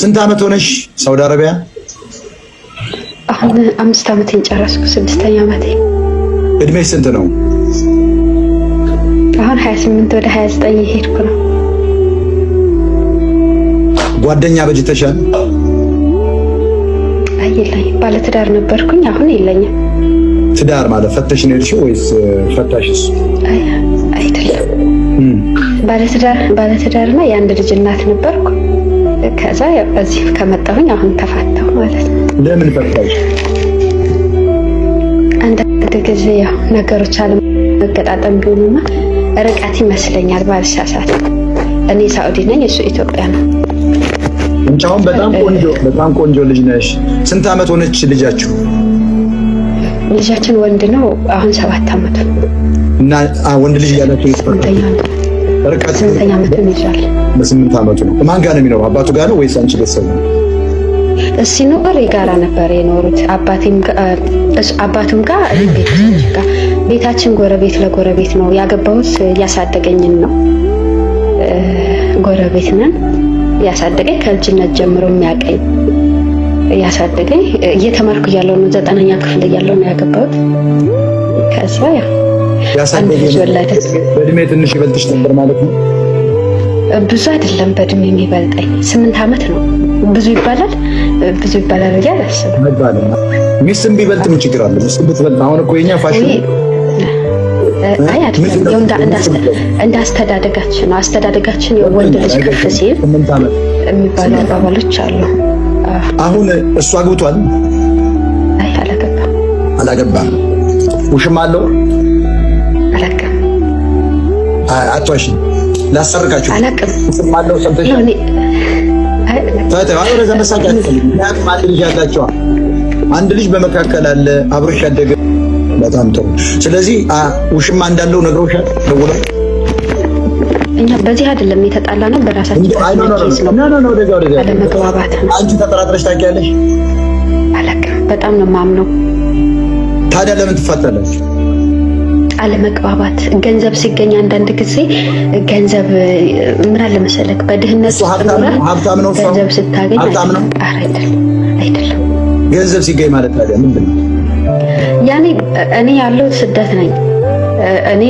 ስንት አመት ሆነሽ ሳውዲ አረቢያ? አሁን አምስት አመቴን ጨረስኩ፣ ስድስተኛ አመቴ። እድሜ ስንት ነው? አሁን 28 ወደ 29 ሄድኩ ነው። ጓደኛ በጅተሻል? አይ የለኝም። ባለትዳር ነበርኩኝ፣ አሁን የለኝም። ትዳር ማለት ፈተሽ ነው የሄድሽው ወይስ ፈታሽስ? አይ አይደለም፣ ባለትዳር ባለትዳርና የአንድ ልጅ እናት ነበርኩ። ከዛ እዚህ ከመጣሁኝ አሁን ተፋተው ማለት ነው። ለምን ፈታሽ? አንዳንድ ጊዜ ያው ነገሮች አለመገጣጠም ቢሆኑና ርቀት ይመስለኛል ባልሳሳት፣ እኔ ሳኡዲ ነኝ፣ እሱ ኢትዮጵያ ነው። አንቺ በጣም ቆንጆ በጣም ቆንጆ ልጅ ነሽ። ስንት አመት ሆነች ልጃችሁ? ልጃችን ወንድ ነው። አሁን ሰባት አመቱ እና ወንድ ልጅ ያላችሁ ስምንተኛ በስምንት ዓመቱ ነው። ማን ጋር ነው የሚኖረው? አባቱ ጋር ነው ወይስ አንቺ ቤተሰብ ነው? ሲኖር የጋራ ነበር የኖሩት። አባቱም ጋር ጋር ቤታችን ጎረቤት ለጎረቤት ነው። ያገባሁት ያሳደገኝን ነው። ጎረቤት ነን። ያሳደገኝ ከልጅነት ጀምሮ የሚያቀኝ ያሳደገኝ እየተማርኩ እያለሁ ነው። ዘጠነኛ ክፍል እያለሁ ነው ያገባሁት ከዛ ያሳደገኝ በእድሜ ትንሽ ይበልጥሽ ነበር ማለት ነው። ብዙ አይደለም በእድሜ የሚበልጠኝ ስምንት ዓመት ነው። ብዙ ይባላል ብዙ ይባላል ብዬ አላስብም። ሚስትም ቢበልጥ ምን ችግር አለ? ሚስትም ብትበልጥ አሁን እኮ የኛ ፋሽን እንዳስተዳደጋችን ነው። አስተዳደጋችን የወንድ ልጅ ከፍ ሲል የሚባሉ አባባሎች አሉ። አሁን እሱ አግብቷል? አይ አላገባም። አላገባም። ውሽም አለው አትዋሽ። ላሰርጋችሁ አላቅም አንድ ልጅ በመካከል አለ አብሮሽ ያደገ በጣም ጥሩ። ስለዚህ ውሽማ እንዳለው ነግሮሻል ደውለው እኛ በዚህ አይደለም የተጣላ ነው፣ በራሳችን አለመግባባት። አንቺ ተጠራጥረሽ ታውቂያለሽ? አላውቅም። በጣም ነው የማምነው። ታዲያ ለምን ትፋታላችሁ? አለመግባባት። ገንዘብ ሲገኝ አንዳንድ ጊዜ ገንዘብ ምን አለ መሰለክ፣ በድህነት ገንዘብ ስታገኝ አይደለም አይደለም፣ ገንዘብ ሲገኝ ማለት ምንድን ነው? ያኔ እኔ ያለው ስደት ነኝ እኔ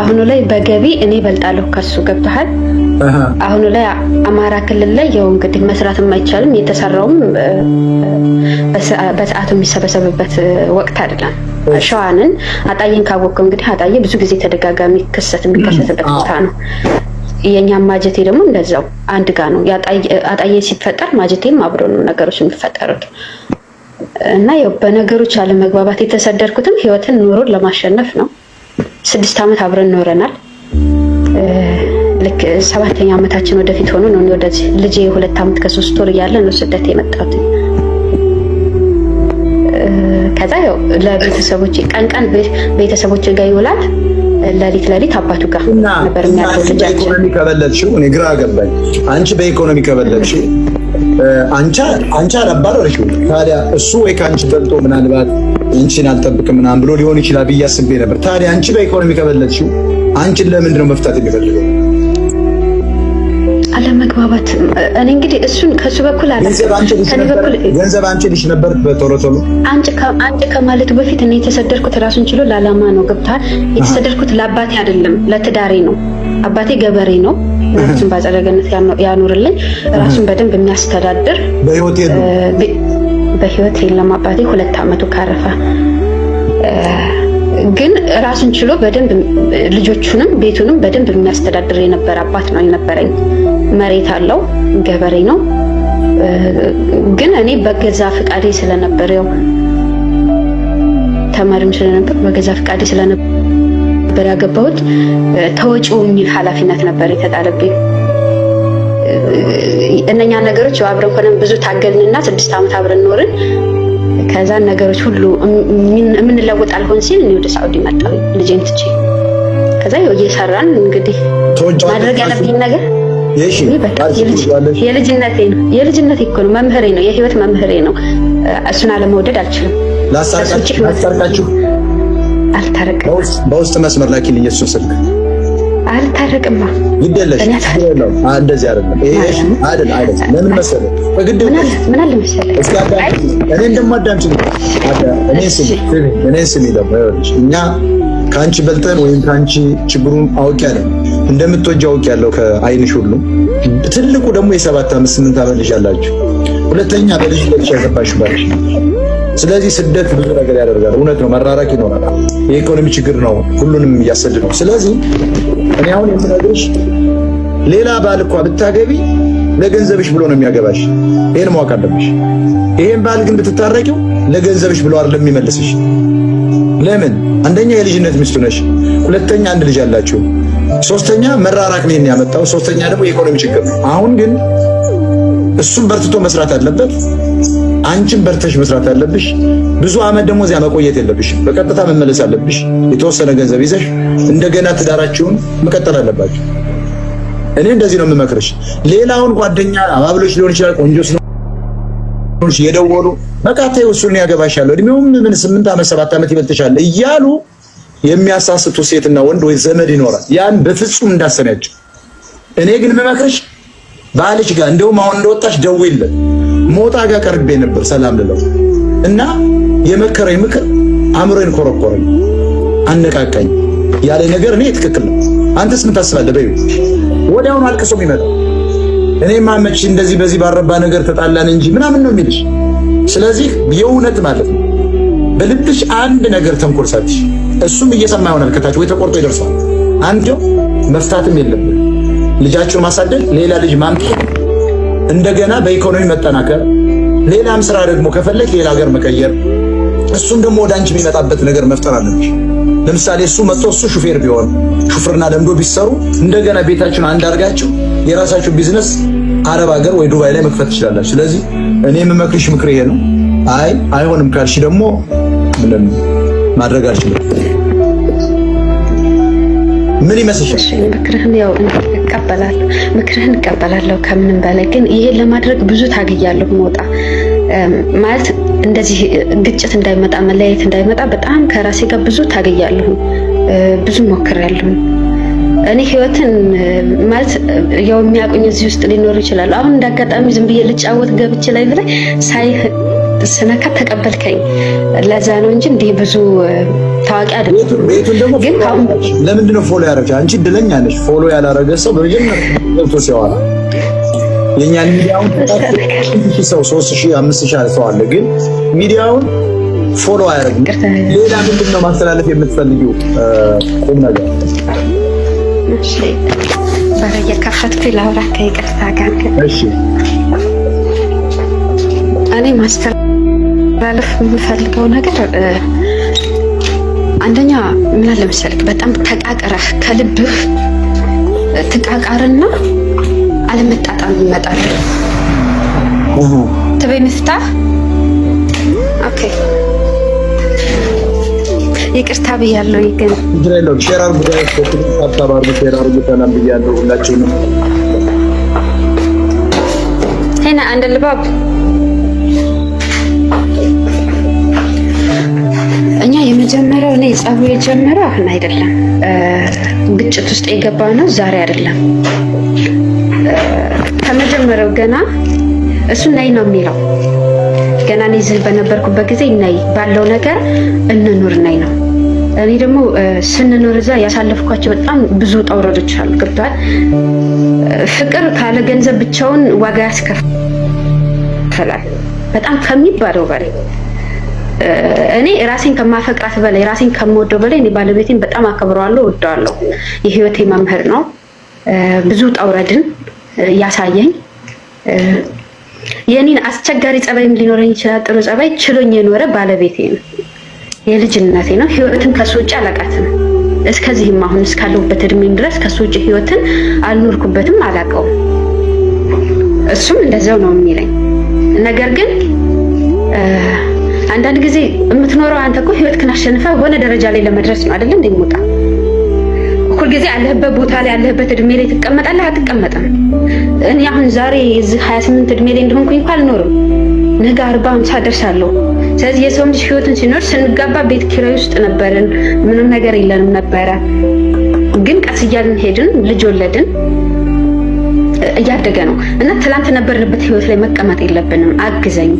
አሁኑ ላይ በገቢ እኔ እበልጣለሁ ከሱ ገብተሃል። አሁኑ ላይ አማራ ክልል ላይ ያው እንግዲህ መስራትም አይቻልም። የተሰራውም በሰዓቱ የሚሰበሰብበት ወቅት አይደለም። ሸዋንን አጣዬን ካወቀው እንግዲህ አጣዬ ብዙ ጊዜ ተደጋጋሚ ክሰት የሚከሰትበት ቦታ ነው። የእኛም ማጀቴ ደግሞ እንደዛው አንድ ጋ ነው። አጣዬ ሲፈጠር ማጀቴም አብሮ ነው ነገሮች የሚፈጠሩት እና ያው በነገሮች አለመግባባት የተሰደርኩትም ህይወትን ኑሮን ለማሸነፍ ነው። ስድስት ዓመት አብረን ኖረናል። ልክ ሰባተኛ ዓመታችን ወደፊት ሆኖ ነው ወደዚህ ልጄ የሁለት ዓመት ከሶስት ወር እያለ ነው ስደት የመጣሁት። ከዛ ያው ለቤተሰቦች ቀን ቀን ቤተሰቦች ጋር ይውላል፣ ለሊት ለሊት አባቱ ጋር ነበር የሚያደርገው። ልጃችን ከበለልሽው እኔ ግራ ገባኝ። አንቺ በኢኮኖሚ ከበለልሽው አንቻ አንቺ አላባረርሽው። ታዲያ እሱ ወይ ከአንቺ በልጦ ምናልባት አንቺን አልጠብቅም ምናምን ብሎ ሊሆን ይችላል ብዬ አስቤ ነበር። ታዲያ አንቺ በኢኮኖሚ ከበለልሽው አንቺን ለምንድን ነው መፍታት የሚፈልገው? አለመግባባት እኔ እንግዲህ እሱን ከሱ በኩል ገንዘብ አንቺ ልጅ ነበር በቶሎ ቶሎ አንቺ ከማለቱ በፊት እኔ የተሰደድኩት ራሱን ችሎ ለዓላማ ነው። ገብታል። የተሰደድኩት ለአባቴ አይደለም ለትዳሬ ነው። አባቴ ገበሬ ነው። ነፍሱን በአጸደ ገነት ያኖርልኝ ራሱን በደንብ የሚያስተዳድር በህይወት የለም አባቴ ሁለት ዓመቱ ካረፈ ግን ራሱን ችሎ በደንብ ልጆቹንም ቤቱንም በደንብ የሚያስተዳድር የነበረ አባት ነው የነበረኝ። መሬት አለው፣ ገበሬ ነው። ግን እኔ በገዛ ፍቃዴ ስለነበር ያው ተማሪም ስለነበር በገዛ ፍቃዴ ስለነበር ያገባሁት ተወጪው የሚል ኃላፊነት ነበር የተጣለብኝ። እነኛ ነገሮች አብረን ሆነን ብዙ ታገልንና ስድስት ዓመት አብረን ኖርን። ከዛ ነገሮች ሁሉ የምንለውጥ አልሆን ሲል እኔ ወደ ሳዑዲ መጣሁ ልጄን ትቼ። ከዛ እየሰራን እንግዲህ ማድረግ ያለብኝ ነገር የልጅነቴ እኮ ነው፣ መምህሬ ነው፣ የህይወት መምህሬ ነው። እሱን አለመውደድ አልችልም። ላስታርቃችሁ። አልታረቅም። በውስጥ መስመር ላኪልኝ እሱን ስልክ አልታረቅማ ግደለሽ እንደዚህ አይደለም፣ ይሄ አይደል አይደል። ለምን መሰለህ በግድ ምን አለ መሰለህ እኔ እንደማዳምጪኝ እኔ ስሚ እኔ ስሚ ደግሞ ይኸውልሽ እኛ ከአንቺ በልጠን ወይም ከአንቺ ችግሩን አውቄ አይደለም እንደምትወጂ አውቄያለሁ ከአይንሽ ሁሉ። ትልቁ ደግሞ የሰባት ዓመት ስምንት ዓመት ልጅ አላችሁ። ሁለተኛ በልጅ ልጅ ያገባሽ ባልሽ። ስለዚህ ስደት ብዙ ነገር ያደርጋል። እውነት ነው፣ መራራቅ ይኖራል። የኢኮኖሚ ችግር ነው፣ ሁሉንም እያሰድ ነው። ስለዚህ እኔ አሁን የምነግርሽ ሌላ ባል እኳ ብታገቢ ለገንዘብሽ ብሎ ነው የሚያገባሽ። ይሄን ማወቅ አለብሽ። ይሄን ባል ግን ብትታረቂው ለገንዘብሽ ብሎ አይደለም የሚመልስሽ። ለምን? አንደኛ የልጅነት ሚስቱ ነሽ፣ ሁለተኛ አንድ ልጅ አላችሁ። ሶስተኛ መራራቅ ነው ያመጣው። ሶስተኛ ደግሞ የኢኮኖሚ ችግር ነው። አሁን ግን እሱም በርትቶ መስራት አለበት፣ አንቺም በርተሽ መስራት አለብሽ። ብዙ አመት ደግሞ እዚያ መቆየት የለብሽ፣ በቀጥታ መመለስ አለብሽ። የተወሰነ ገንዘብ ይዘሽ እንደገና ትዳራችሁን መቀጠል አለባችሁ። እኔ እንደዚህ ነው የምመክርሽ። ሌላውን ጓደኛ አባብሎች ሊሆን ይችላል ቆንጆ የደወሉ በቃ ተይው እሱን ያገባሻለሁ፣ እድሜውም ምን ስምንት ዓመት ሰባት ዓመት ይበልጥሻል እያሉ የሚያሳስቱ ሴትና ወንድ ወይ ዘመድ ይኖራል። ያን በፍጹም እንዳሰነጭ። እኔ ግን መመክርሽ ባልሽ ጋር እንደውም አሁን እንደወጣሽ ደውይለት። ሞጣ ጋር ቀርቤ ነበር ሰላም ልለው እና የመከረኝ ምክር አእምሮን ኮረኮረኝ፣ አነቃቃኝ ያለ ነገር እኔ ትክክል ነው። አንተስ ምን ታስባለህ? በይ ወዲያውኑ አልቅሶ ይመጣ እኔ ማመች እንደዚህ በዚህ ባረባ ነገር ተጣላን እንጂ ምናምን ነው የሚልሽ። ስለዚህ የእውነት ማለት ነው በልብሽ አንድ ነገር ተንኮል ሳትሽ እሱም እየሰማ ይሆናል ከታች ወይ ተቆርጦ ይደርሳል። አንዴው መፍታትም የለብን ልጃቸው ማሳደግ፣ ሌላ ልጅ ማምጣት፣ እንደገና በኢኮኖሚ መጠናከር፣ ሌላም ስራ ደግሞ ከፈለግ ሌላ ሀገር መቀየር፣ እሱም ደግሞ ወደ አንቺ የሚመጣበት ነገር መፍጠር አለብሽ። ለምሳሌ እሱ መጥቶ እሱ ሹፌር ቢሆን ሹፍርና ለምዶ ቢሰሩ እንደገና ቤታችን አንድ አድርጋችሁ የራሳችሁን ቢዝነስ አረብ ሀገር ወይ ዱባይ ላይ መክፈት ትችላላችሁ። ስለዚህ እኔ የምመክርሽ ምክር ይሄ ነው። አይ አይሆንም ካልሽ ደግሞ ምንድን ነው ማድረግ አልችልም። ምን ይመስልሻል? ምክርህን ያው እቀበላለሁ፣ ምክርህን እቀበላለሁ። ከምንም በላይ ግን ይሄን ለማድረግ ብዙ ታግያለሁ። መውጣ ማለት እንደዚህ ግጭት እንዳይመጣ መለያየት እንዳይመጣ በጣም ከራሴ ጋር ብዙ ታግያለሁ፣ ብዙ ሞክሬያለሁ። እኔ ህይወትን ማለት ያው የሚያቆኝ እዚህ ውስጥ ሊኖሩ ይችላሉ። አሁን እንዳጋጣሚ ዝም ብዬ ልጫወት ገብቼ ላይ ብላይ ሳይህ ስነካ ተቀበልከኝ። ለዛ ነው እንጂ እንዲህ ብዙ ታዋቂ አይደለም። ቤቱን ደግሞ ግን ለምንድን ነው ፎሎ ያደረግሽ? አንቺ እድለኛ ነሽ። ፎሎ ያላረገ ሰው በመጀመሪያ ገብቶ ሲያወራ የእኛን ሚዲያውን ሰው ሶስት ሺህ አምስት ሺህ ሰው አለ፣ ግን ሚዲያውን ፎሎ አያደርግም። ሌላ ምንድን ነው ማስተላለፍ የምትፈልጊው ቁም ነገር? በር እየከፈትኩ ላውራ ከይቅርታ ጋር እኔ ማስተላለፍ ማለፍ የምፈልገው ነገር አንደኛ ምን አለ መሰለክ፣ በጣም ተቃቅረህ ከልብህ ትቃቃርና አለመጣጣም ይመጣል። ተበይ ምፍታ ኦኬ። ይቅርታ ብያለሁ። ይገን ሁላችሁንም። ሄና አንድ ልባብ የመጀመሪያው እኔ ጸቡ የጀመረው አሁን አይደለም፣ ግጭት ውስጥ የገባ ነው ዛሬ አይደለም። ከመጀመሪያው ገና እሱ ነይ ነው የሚለው ገና እኔ እዚህ በነበርኩበት ጊዜ ነይ ባለው ነገር እንኑር ነይ ነው። እኔ ደግሞ ስንኖር እዛ ያሳለፍኳቸው በጣም ብዙ ውጣ ውረዶች አሉ። ገብቷል። ፍቅር ካለ ገንዘብ ብቻውን ዋጋ ያስከፍላል፣ በጣም ከሚባለው በላይ እኔ ራሴን ከማፈቅራት በላይ ራሴን ከምወደው በላይ እኔ ባለቤቴን በጣም አከብረዋለሁ፣ ወደዋለሁ። የህይወቴ መምህር ነው። ብዙ ጣውረድን ያሳየኝ የኔን አስቸጋሪ ጸባይም ሊኖረኝ ይችላል። ጥሩ ጸባይ ችሎኝ የኖረ ባለቤቴ ነው፣ የልጅነቴ ነው። ህይወትን ከሱ ውጭ አላውቃትም። እስከዚህም አሁን እስካለሁበት እድሜም ድረስ ከሱ ውጭ ህይወትን አልኖርኩበትም፣ አላውቀውም። እሱም እንደዚያው ነው የሚለኝ ነገር ግን አንዳንድ ጊዜ የምትኖረው አንተ እኮ ህይወት ክናሸንፈ ሆነ ደረጃ ላይ ለመድረስ ነው አይደል? እንደሚወጣ ሁል ጊዜ ያለህበት ቦታ ላይ ያለህበት እድሜ ላይ ትቀመጣለህ አትቀመጥም። እኔ አሁን ዛሬ እዚህ 28 እድሜ ላይ እንደሆንኩኝ እንኳን አልኖርም፣ ነገ 40 50 ደርሳለሁ። ስለዚህ የሰው ልጅ ህይወትን ሲኖር ስንጋባ ቤት ኪራይ ውስጥ ነበርን፣ ምንም ነገር የለንም ነበረ። ግን ቀስ እያልን ሄድን፣ ልጅ ወለድን እያደገ ነው እና ትላንት ነበርንበት ህይወት ላይ መቀመጥ የለብንም። አግዘኝ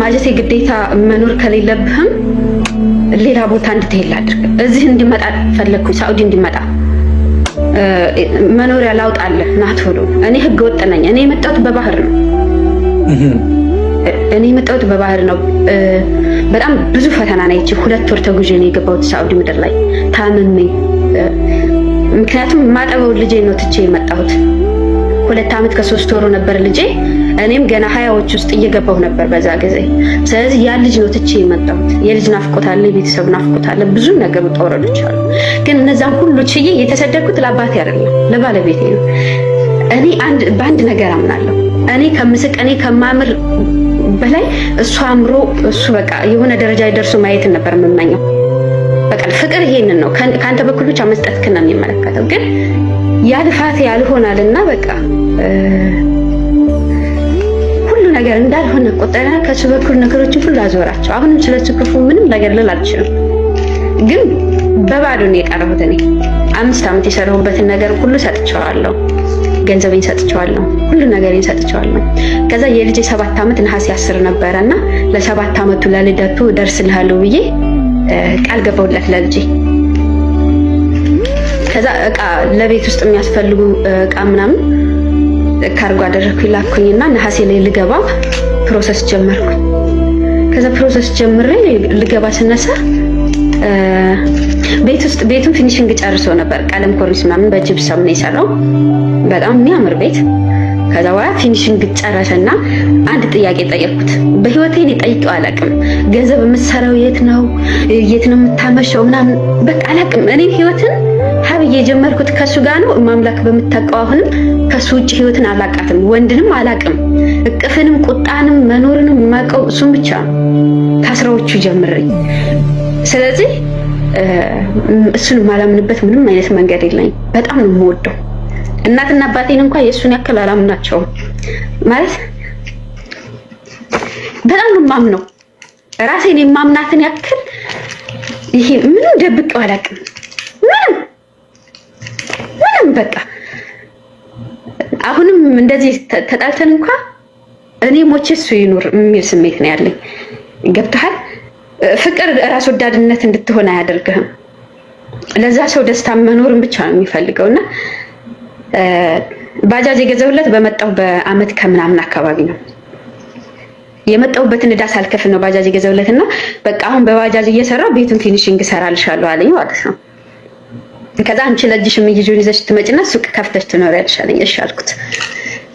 ማለት የግዴታ መኖር ከሌለብህም ሌላ ቦታ እንድትሄድ አድርግ። እዚህ እንዲመጣ ፈለግኩኝ፣ ሳኡዲ እንዲመጣ መኖሪያ ላውጣለህ ናት ሆኖ እኔ ህገ ወጥ ነኝ። እኔ የመጣሁት በባህር ነው። እኔ የመጣሁት በባህር ነው። በጣም ብዙ ፈተና ነች ሁለት ወር ተጉዤ ነው የገባሁት ሳኡዲ ምድር ላይ ታምሜ። ምክንያቱም ማጠበው ልጄ ነው ትቼ የመጣሁት። ሁለት ዓመት ከሶስት ወሩ ነበር ልጄ እኔም ገና ሀያዎች ውስጥ እየገባሁ ነበር በዛ ጊዜ። ስለዚህ ያ ልጅ ነው ትቼ የመጣሁት። የልጅ ናፍቆት አለ፣ የቤተሰብ ናፍቆት አለ፣ ብዙ ነገር ውጣ ውረዶች አሉ። ግን እነዛን ሁሉ ችዬ የተሰደድኩት ለአባቴ አይደለም ለባለቤቴ ነው። እኔ አንድ በአንድ ነገር አምናለሁ። እኔ ከምስቅ እኔ ከማምር በላይ እሱ አምሮ እሱ በቃ የሆነ ደረጃ ደርሶ ማየት ነበር የምመኘው። በቃ ፍቅር ይሄንን ነው ከአንተ በኩል ብቻ መስጠት ክና የሚመለከተው ግን ያ ልፋት ያልሆናልና በቃ ነገር እንዳልሆነ ቆጠረ። ከሱ በኩል ነገሮችን ሁሉ አዞራቸው። አሁንም ስለ ክፉ ምንም ነገር ልል አልችልም፣ ግን በባዶ ነው የቀረሁት። እኔ አምስት ዓመት የሰራሁበትን ነገር ሁሉ ሰጥቼዋለሁ። ገንዘቤን ሰጥቼዋለሁ፣ ሁሉ ነገሬን ሰጥቼዋለሁ። ከዛ የልጅ ሰባት ዓመት ነሐሴ አስር ነበረ እና ለሰባት ዓመቱ ለልደቱ ደርስልሃለሁ ብዬ ቃል ገባሁለት ለልጄ። ከዛ እቃ ለቤት ውስጥ የሚያስፈልጉ እቃ ምናምን ካርጎ አደረኩኝ ላኩኝና ነሐሴ ላይ ልገባ ፕሮሰስ ጀመርኩ ከዛ ፕሮሰስ ጀምሬ ልገባ ስነሳ ቤት ውስጥ ቤቱን ፊኒሽንግ ጨርሶ ነበር። ቀለም ኮርኒስ ምናምን በጅብሰም ነው የሰራው። በጣም የሚያምር ቤት። ከዛ በኋላ ፊኒሽንግ ጨረሰና አንድ ጥያቄ ጠየቅኩት። በህይወቴ እኔ ጠይቄው አላውቅም። ገንዘብ የምትሰራው የት ነው? የት ነው የምታመሸው? ምናምን በቃ አላውቅም እኔ ህይወትን የጀመርኩት ከሱ ጋር ነው። ማምላክ በምታውቀው አሁንም ከሱ ውጭ ህይወትን አላቃትም፣ ወንድንም አላቅም፣ እቅፍንም፣ ቁጣንም፣ መኖርንም የማውቀው እሱም ብቻ ነው ከአስራዎቹ ጀምረኝ። ስለዚህ እሱን የማላምንበት ምንም አይነት መንገድ የለኝ በጣም ነው የምወደው። እናትና አባቴን እንኳን የእሱን ያክል አላምናቸውም። ማለት በጣም ነው የማምነው ራሴን የማምናትን ያክል ይሄ ምንም ደብቄው አላውቅም ምንም ምንም በቃ አሁንም እንደዚህ ተጣልተን እንኳ እኔ ሞቼ እሱ ይኑር የሚል ስሜት ነው ያለኝ። ገብተሃል? ፍቅር ራስ ወዳድነት እንድትሆን አያደርግህም። ለዛ ሰው ደስታ መኖርን ብቻ ነው የሚፈልገው እና ባጃጅ የገዘውለት በመጣው በአመት ከምናምን አካባቢ ነው የመጣሁበትን ዕዳ ሳልከፍል ነው ባጃጅ የገዛሁለት እና በቃ አሁን በባጃጅ እየሰራ ቤቱን ፊኒሽንግ እሰራልሻለሁ አለኝ ማለት ነው። ከዛ አንቺ ለእጅሽ የሚይዙን ይዘሽ ትመጭና ሱቅ ከፍተሽ ትኖሪያለሽ አለኝ። እሺ አልኩት።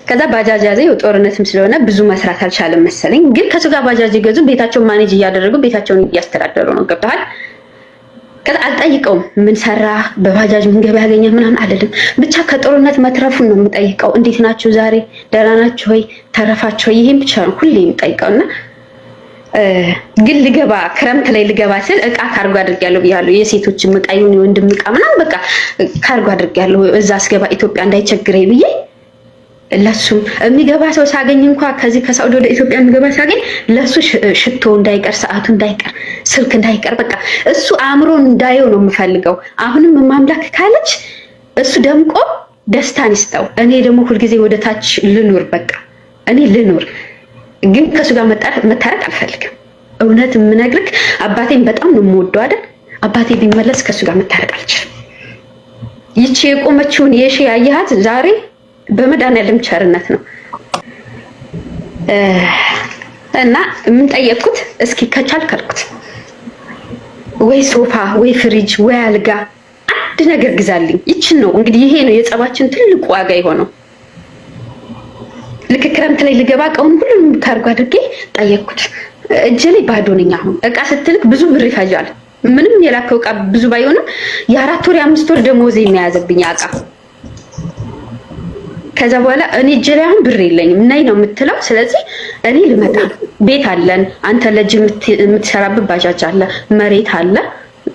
ከዛ ባጃጅ ያዘ ጦርነትም ስለሆነ ብዙ መስራት አልቻለም መሰለኝ። ግን ከሱ ጋር ባጃጅ ይገዙ፣ ቤታቸውን ማኔጅ እያደረጉ ቤታቸውን እያስተዳደሩ ነው። ገብተሃል? ከዛ አልጠይቀውም። ምን ሰራ በባጃጅ ምን ገበያ ያገኘ ምናምን አለልም። ብቻ ከጦርነት መትረፉን ነው የምጠይቀው። እንዴት ናችሁ? ዛሬ ደህና ናችሁ ወይ? ተረፋችሁ ወይ? ይሄን ብቻ ነው ሁሌ የምጠይቀውና ግን ልገባ ክረምት ላይ ልገባ ስል እቃ ካርጎ አድርጌያለሁ ብያለሁ። የሴቶችም እቃ ይሁን የወንድም እቃ ምናምን በቃ ካርጎ አድርጌያለሁ። እዛ አስገባ ኢትዮጵያ እንዳይቸግረኝ ብዬ ለሱም የሚገባ ሰው ሳገኝ እንኳ ከዚህ ከሳውዲ ወደ ኢትዮጵያ የሚገባ ሳገኝ ለሱ ሽቶ እንዳይቀር፣ ሰዓቱ እንዳይቀር፣ ስልክ እንዳይቀር በቃ እሱ አእምሮ እንዳየው ነው የምፈልገው። አሁንም ማምላክ ካለች እሱ ደምቆ ደስታን ይስጠው። እኔ ደግሞ ሁልጊዜ ወደ ታች ልኑር፣ በቃ እኔ ልኑር። ግን ከእሱ ጋር መታረቅ አልፈልግም። እውነት የምነግርህ አባቴን በጣም ነው የምወደው አይደል? አባቴ ቢመለስ ከእሱ ጋር መታረቅ አልችልም። ይቺ የቆመችውን የሺ አያሃት ዛሬ በመድኃኒዓለም ቸርነት ነው እና የምንጠየቅኩት እስኪ ከቻል ካልኩት ወይ ሶፋ ወይ ፍሪጅ ወይ አልጋ አንድ ነገር ግዛልኝ። ይችን ነው እንግዲህ ይሄ ነው የጸባችን ትልቁ ዋጋ የሆነው። ልክ ክረምት ላይ ልገባ እቃውን ሁሉንም ካርጎ አድርጌ ጠየቅኩት። እጄ ላይ ባዶ ነኝ። አሁን እቃ ስትልክ ብዙ ብር ይፈጃል። ምንም የላከው እቃ ብዙ ባይሆንም የአራት ወር የአምስት ወር ደሞዝ የሚያያዝብኝ እቃ ከዛ በኋላ እኔ እጄ ላይ አሁን ብር የለኝም፣ ነይ ነው የምትለው። ስለዚህ እኔ ልመጣ ቤት አለን፣ አንተ ለእጅ የምትሰራበት ባጃጅ አለ፣ መሬት አለ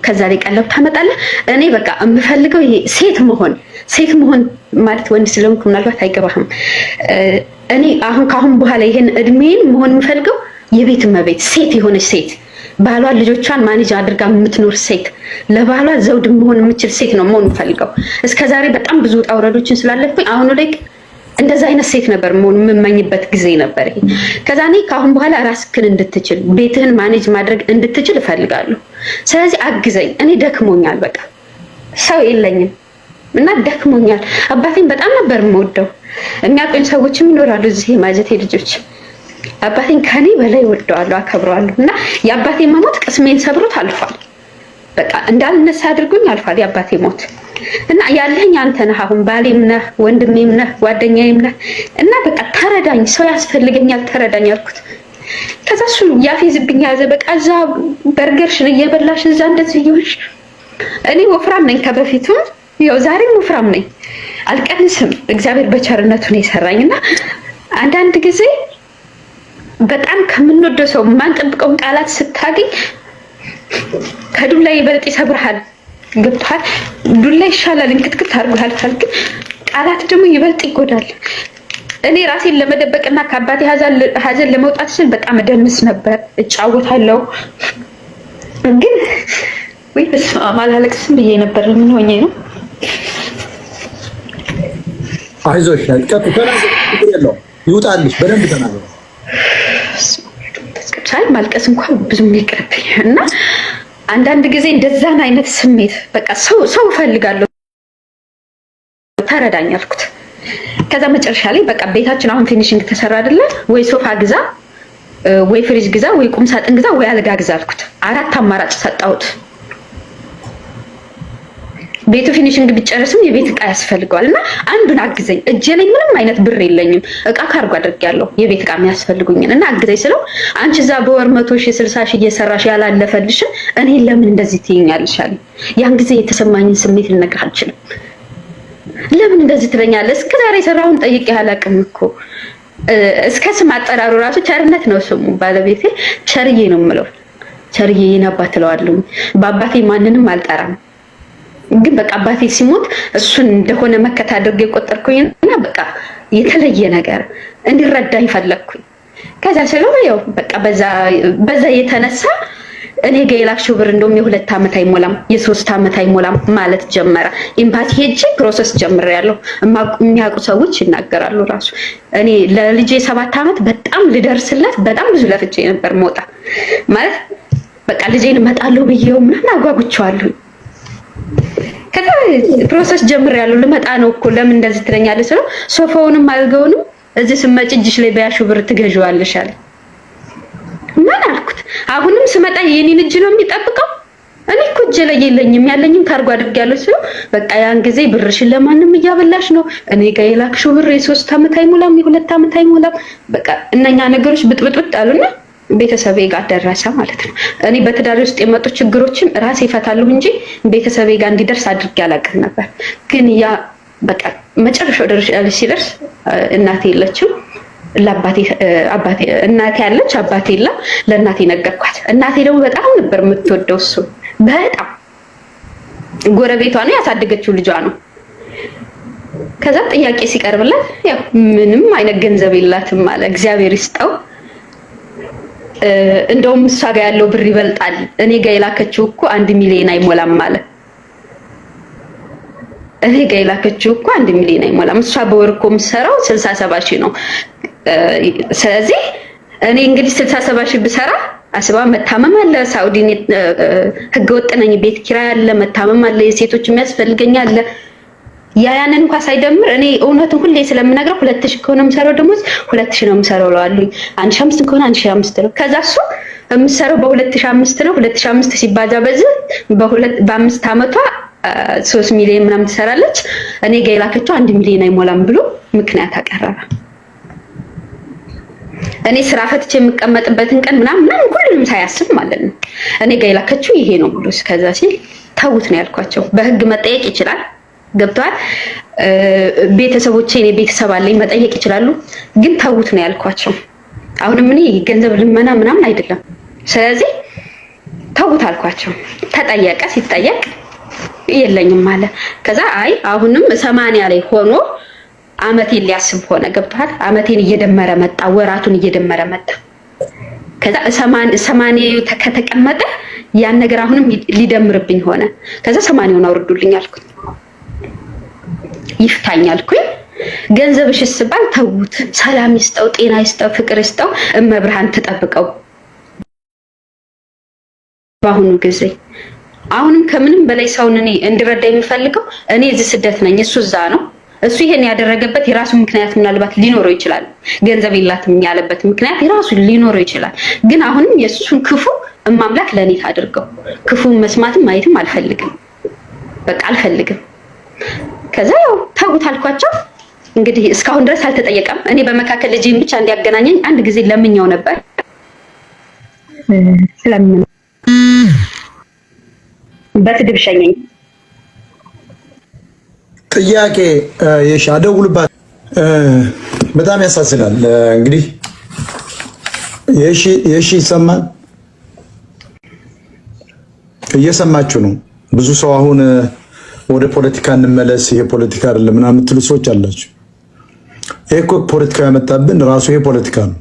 ከዛ ላይ ቀለብ ታመጣለህ። እኔ በቃ የምፈልገው ይሄ ሴት መሆን ሴት መሆን ማለት ወንድ ስለሆንኩ ምናልባት አይገባህም። እኔ አሁን ከአሁን በኋላ ይሄን እድሜን መሆን የምፈልገው የቤት እመቤት ሴት የሆነች ሴት ባሏ ልጆቿን ማኔጅ አድርጋ የምትኖር ሴት፣ ለባሏ ዘውድ መሆን የምችል ሴት ነው መሆን የምፈልገው። እስከዛሬ በጣም ብዙ ውጣ ውረዶችን ስላለፍኩኝ አሁኑ ላይ እንደዛ አይነት ሴት ነበር መሆን የምመኝበት ጊዜ ነበር ይሄ። ከዛ እኔ ከአሁን በኋላ ራስክን እንድትችል ቤትህን ማኔጅ ማድረግ እንድትችል እፈልጋለሁ። ስለዚህ አግዘኝ፣ እኔ ደክሞኛል፣ በቃ ሰው የለኝም እና ደክሞኛል። አባቴን በጣም ነበር የምወደው። የሚያውቁኝ ሰዎችም ይኖራሉ እዚህ ማጀቴ ልጆች አባቴን ከኔ በላይ ወደዋለሁ፣ አከብረዋለሁ እና የአባቴን መሞት ቅስሜን ሰብሮት አልፏል። በቃ እንዳልነሳ አድርጎኝ አልፏል የአባቴ ሞት እና ያለኝ አንተ ነህ። አሁን ባሌም ነህ፣ ወንድሜም ነህ፣ ጓደኛዬም ነህ እና በቃ ተረዳኝ፣ ሰው ያስፈልገኛል፣ ተረዳኝ አልኩት። ከዛ እሱ ያፌዝብኝ ያዘ። በቃ እዛ በርገርሽን እየበላሽ እዛ እንደዚህ እየሆንሽ እኔ ወፍራም ነኝ ከበፊቱም ያው ዛሬም ወፍራም ነኝ አልቀንስም። እግዚአብሔር በቸርነቱ ነው የሰራኝ እና አንዳንድ ጊዜ በጣም ከምንወደው ሰው የማንጠብቀውን ቃላት ስታገኝ ከዱላ ይበልጥ ይሰብርሃል። ገብቶሃል? ዱላ ይሻላል፣ እንክትክት አድርጎሃል። ካልክ ቃላት ደግሞ ይበልጥ ይጎዳል። እኔ ራሴን ለመደበቅና ከአባቴ ሀዘን ለመውጣት ስል በጣም እደንስ ነበር፣ እጫወታለሁ። ግን ወይ በስመ አብ አላለቅስም ብዬ ነበር። ምን ሆኜ ነው? አይዞሽ፣ ይውጣልሽ። በደንብ ተናገሩ። አይ ማልቀስ እንኳን ብዙም ይቅርብኝ። እና አንዳንድ ጊዜ እንደዛን አይነት ስሜት በቃ ሰው ሰው እፈልጋለሁ ተረዳኝ አልኩት። ከዛ መጨረሻ ላይ በቃ ቤታችን አሁን ፊኒሽንግ ተሰራ አይደለ ወይ ሶፋ ግዛ ወይ ፍሪጅ ግዛ ወይ ቁምሳጥን ግዛ ወይ አልጋ ግዛ አልኩት። አራት አማራጭ ሰጣሁት። ቤቱ ፊኒሽንግ ቢጨርስም የቤት እቃ ያስፈልገዋል እና አንዱን አግዘኝ፣ እጄ ላይ ምንም አይነት ብር የለኝም፣ እቃ ካርጎ አድርጌያለሁ፣ የቤት እቃ የሚያስፈልጉኝን እና አግዘኝ ስለው አንቺ እዛ በወር መቶ ሺህ ስልሳ ሺህ እየሰራሽ ያላለፈልሽን እኔ ለምን እንደዚህ ትይኛለሽ አለኝ። ያን ጊዜ የተሰማኝን ስሜት ልነግርህ አልችልም። ለምን እንደዚህ ትለኛለህ? እስከ ዛሬ የሰራሁን ጠይቄ አላውቅም እኮ እስከ ስም አጠራሩ ራሱ ቸርነት ነው ስሙ። ባለቤቴ ቸርዬ ነው የምለው። ቸርዬ የኔ አባት እለዋለሁ። በአባቴ ማንንም አልጠራም። ግን በቃ አባቴ ሲሞት እሱን እንደሆነ መከታ አድርገው አድርጌ እና በቃ የተለየ ነገር እንዲረዳኝ ፈለግኩኝ። ከዛ ስለሆነ ያው በቃ በዛ የተነሳ እኔ ጋ የላክሽው ብር እንደውም የሁለት ዓመት አይሞላም የሶስት ዓመት አይሞላም ማለት ጀመረ። ኢምፓቲ ሄጅ ፕሮሰስ ጀምሬያለሁ። የሚያውቁ ሰዎች ይናገራሉ። ራሱ እኔ ለልጄ የሰባት ዓመት በጣም ልደርስላት በጣም ብዙ ለፍቼ ነበር መውጣ ማለት በቃ ልጄን እመጣለሁ ብዬው ምናምን አጓጉቸዋለሁ። ከዛ ፕሮሰስ ጀምሬያለሁ ልመጣ ነው እኮ ለምን እንደዚህ ትለኛለች ስለው ሶፋውንም አልገውንም እዚህ ስመጭ እጅሽ ላይ በያሹ ብር ትገዥዋለሽ አለ። ምን አልኩት? አሁንም ስመጣ የኔን እጅ ነው የሚጠብቀው። እኔ እኮ እጄ ላይ የለኝም ያለኝም ካርጎ አድርጌያለሁ ስለው በቃ ያን ጊዜ ብርሽን ለማንም እያበላሽ ነው። እኔ ጋር የላክሽው ብር የሶስት አመት አይሞላም የሁለት አመት አይሞላም። በቃ እነኛ ነገሮች ብጥብጥብጥ አሉና ቤተሰቤ ጋር ደረሰ ማለት ነው። እኔ በትዳሪ ውስጥ የመጡ ችግሮችን ራሴ ይፈታሉ እንጂ ቤተሰቤ ጋር እንዲደርስ አድርጌ አላውቅም ነበር። ግን ያ በቃ መጨረሻው ደረጃ ሲደርስ እናቴ የለችም እናቴ ያለች አባቴ የለም ለእናቴ ነገርኳት። እናቴ ደግሞ በጣም ነበር የምትወደው እሱ በጣም ጎረቤቷ ነው ያሳደገችው ልጇ ነው። ከዛ ጥያቄ ሲቀርብላት ያው ምንም አይነት ገንዘብ የላትም አለ እግዚአብሔር ይስጠው እንደውም እሷ ጋር ያለው ብር ይበልጣል፣ እኔ ጋር የላከችው እኮ አንድ ሚሊዮን አይሞላም አለ። እኔ ጋር የላከችው እኮ አንድ ሚሊዮን አይሞላም፣ እሷ በወር እኮ የምትሰራው ስልሳ ሰባ ሺህ ነው። ስለዚህ እኔ እንግዲህ ስልሳ ሰባ ሺህ ብሰራ አስባ መታመም አለ፣ ሳውዲ ህገ ወጥ ነኝ፣ ቤት ኪራይ አለ፣ መታመም አለ፣ የሴቶች የሚያስፈልገኝ አለ ያ ያንን እንኳን ሳይደምር እኔ እውነቱን ሁሌ ስለምነግረው ሁለት ሺህ ከሆነ የምሰራው ደሞዝ ሁለት ሺህ ነው የምሰራው እለዋለሁ። አንድ ሺህ ከሆነ አንድ ነው። ከዛ እሱ የምሰራው በ ሺህ ነው። ሁለት ሲባዛ በዚህ በአምስት ዓመቷ ሶስት ሚሊዮን ምናምን ትሰራለች። እኔ ጋ የላከችው አንድ ሚሊዮን አይሞላም ብሎ ምክንያት አቀረበ። እኔ ስራ ፈትቼ የምቀመጥበትን ቀን ምናምን ምናምን ሁሉንም ሳያስብ ማለት ነው። እኔ ጋ የላከችው ይሄ ነው ብሎ ከዛ ሲል ተውት ነው ያልኳቸው። በህግ መጠየቅ ይችላል ገብተዋል። ቤተሰቦቼ እኔ ቤተሰብ አለኝ መጠየቅ ይችላሉ፣ ግን ተዉት ነው ያልኳቸው። አሁንም እኔ ገንዘብ ልመና ምናምን አይደለም። ስለዚህ ተዉት አልኳቸው። ተጠየቀ። ሲጠየቅ የለኝም አለ። ከዛ አይ አሁንም ሰማንያ ላይ ሆኖ አመቴን ሊያስብ ሆነ። ገብተዋል። አመቴን እየደመረ መጣ፣ ወራቱን እየደመረ መጣ። ከዛ ሰማንያ ከተቀመጠ ያን ነገር አሁንም ሊደምርብኝ ሆነ። ከዛ ሰማንያውን አውርዱልኝ አልኩት። ይፍታኛልኩኝ ገንዘብሽ ስባል ተዉት። ሰላም ይስጠው፣ ጤና ይስጠው፣ ፍቅር ይስጠው፣ እመብርሃን ትጠብቀው። በአሁኑ ጊዜ አሁንም ከምንም በላይ ሰውን እኔ እንድረዳ የሚፈልገው እኔ እዚህ ስደት ነኝ፣ እሱ እዛ ነው። እሱ ይሄን ያደረገበት የራሱ ምክንያት ምናልባት ሊኖረው ይችላል። ገንዘብ የላትም ያለበት ምክንያት የራሱ ሊኖረው ይችላል። ግን አሁንም የእሱን ክፉ እማምላክ ለእኔ ታድርገው። ክፉን መስማትም ማየትም አልፈልግም፣ በቃ አልፈልግም። ከዛ ያው ተውት አልኳቸው። እንግዲህ እስካሁን ድረስ አልተጠየቀም። እኔ በመካከል ልጅን ብቻ እንዲያገናኘኝ አንድ ጊዜ ለምኛው ነበር። ስለምን በስድብ ሸኘኝ። ጥያቄ የሻ አደውልባት። በጣም ያሳዝናል። እንግዲህ የሺ የሺ ይሰማል፣ እየሰማችሁ ነው ብዙ ሰው አሁን ወደ ፖለቲካ እንመለስ፣ ይሄ ፖለቲካ አይደለም ምናምን የምትሉ ሰዎች አላችሁ። ይሄ እኮ ያመጣብን ራሱ ይሄ ፖለቲካ ነው።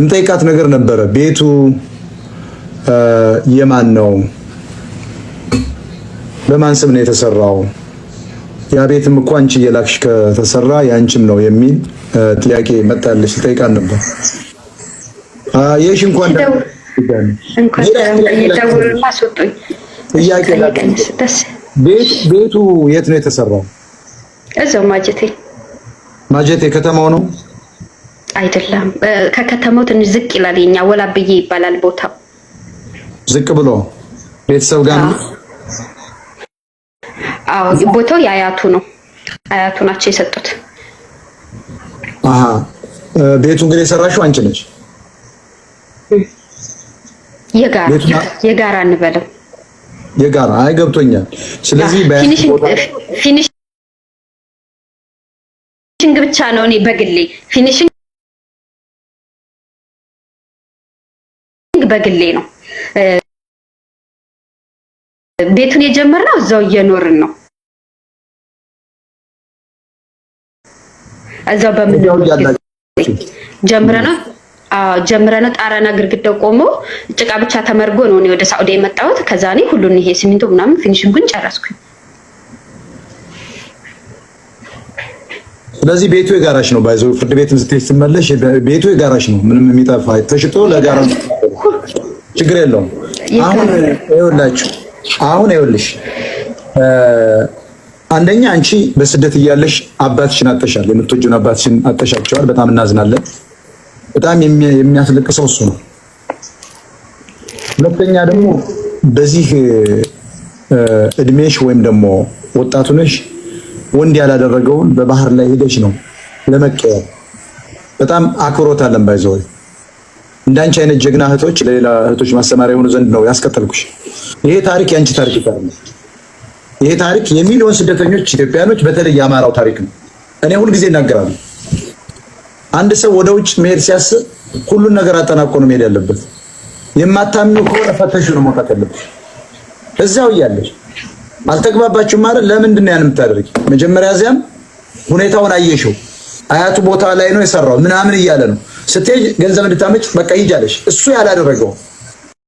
እንጠይቃት ነገር ነበረ። ቤቱ የማን ነው? በማን ስም ነው የተሰራው? ያ ቤትም እኮ አንቺ እየላክሽ ከተሰራ የአንቺም ነው የሚል ጥያቄ መጣለች። ልጠይቃት ነበር። ይሽ እንኳን ጥያቄ ቤቱ የት ነው የተሰራው? እዛው ማጀቴ ማጀቴ ከተማው ነው አይደለም። ከከተማው ትንሽ ዝቅ ይላል። የኛ ወላብዬ ይባላል ቦታው። ዝቅ ብሎ ቤተሰብ ጋር አዎ ቦታው የአያቱ ነው። አያቱ ናቸው የሰጡት። አሃ ቤቱ እንግዲህ የሰራሽው አንቺ ነሽ። የጋራ የጋራ እንበለው የጋራ አይገብቶኛል። ስለዚህ ፊኒሽንግ ብቻ ነው እኔ በግሌ ፊኒሽንግ በግሌ ነው። ቤቱን የጀመርነው እዛው እየኖርን ነው። እዛው በምን ጀምረናል ጀምረ ነው ጣራና ግርግዳው ቆሞ ጭቃ ብቻ ተመርጎ ነው እኔ ወደ ሳውዲ የመጣሁት። ከዛ እኔ ሁሉን ይሄ ሲሚንቶ ምናምን ፊኒሽንጉን ጨረስኩኝ። ስለዚህ ቤቱ የጋራሽ ነው። ባይዘው ፍርድ ቤትም ስትሄድ ስትመለሽ ቤቱ የጋራሽ ነው። ምንም የሚጠፋ ተሽጦ ለጋራ ችግር የለውም። አሁን ይኸውላችሁ አሁን ይኸውልሽ አንደኛ አንቺ በስደት እያለሽ አባትሽን አጠሻል፣ የምትወጂውን አባትሽን አጠሻቸዋል። በጣም እናዝናለን። በጣም የሚያስለቅሰው እሱ ነው። ሁለተኛ ደግሞ በዚህ እድሜሽ ወይም ደግሞ ወጣቱ ነሽ ወንድ ያላደረገውን በባህር ላይ ሄደሽ ነው ለመቀየር። በጣም አክብሮት አለን ባይዘው እንዳንቺ አይነት ጀግና እህቶች ለሌላ እህቶች ማስተማሪያ የሆኑ ዘንድ ነው ያስከተልኩሽ። ይሄ ታሪክ የአንቺ ታሪክ ይባላል። ይሄ ታሪክ የሚሊዮን ስደተኞች ኢትዮጵያኖች፣ በተለይ የአማራው ታሪክ ነው። እኔ ሁልጊዜ እናገራለሁ አንድ ሰው ወደ ውጭ መሄድ ሲያስብ ሁሉን ነገር አጠናቆ ነው መሄድ ያለበት። የማታምኑ ከሆነ ፈተሹ ነው መውጣት ያለበት። እዚያው እያለች አልተግባባችሁም ማለት ለምንድን ነው ያን የምታደርጊ? መጀመሪያ እዚያም ሁኔታውን አየሽው። አያቱ ቦታ ላይ ነው የሰራው ምናምን እያለ ነው ስትሄጂ ገንዘብ እንድታመጭ በቃ ይጃለሽ እሱ ያላደረገው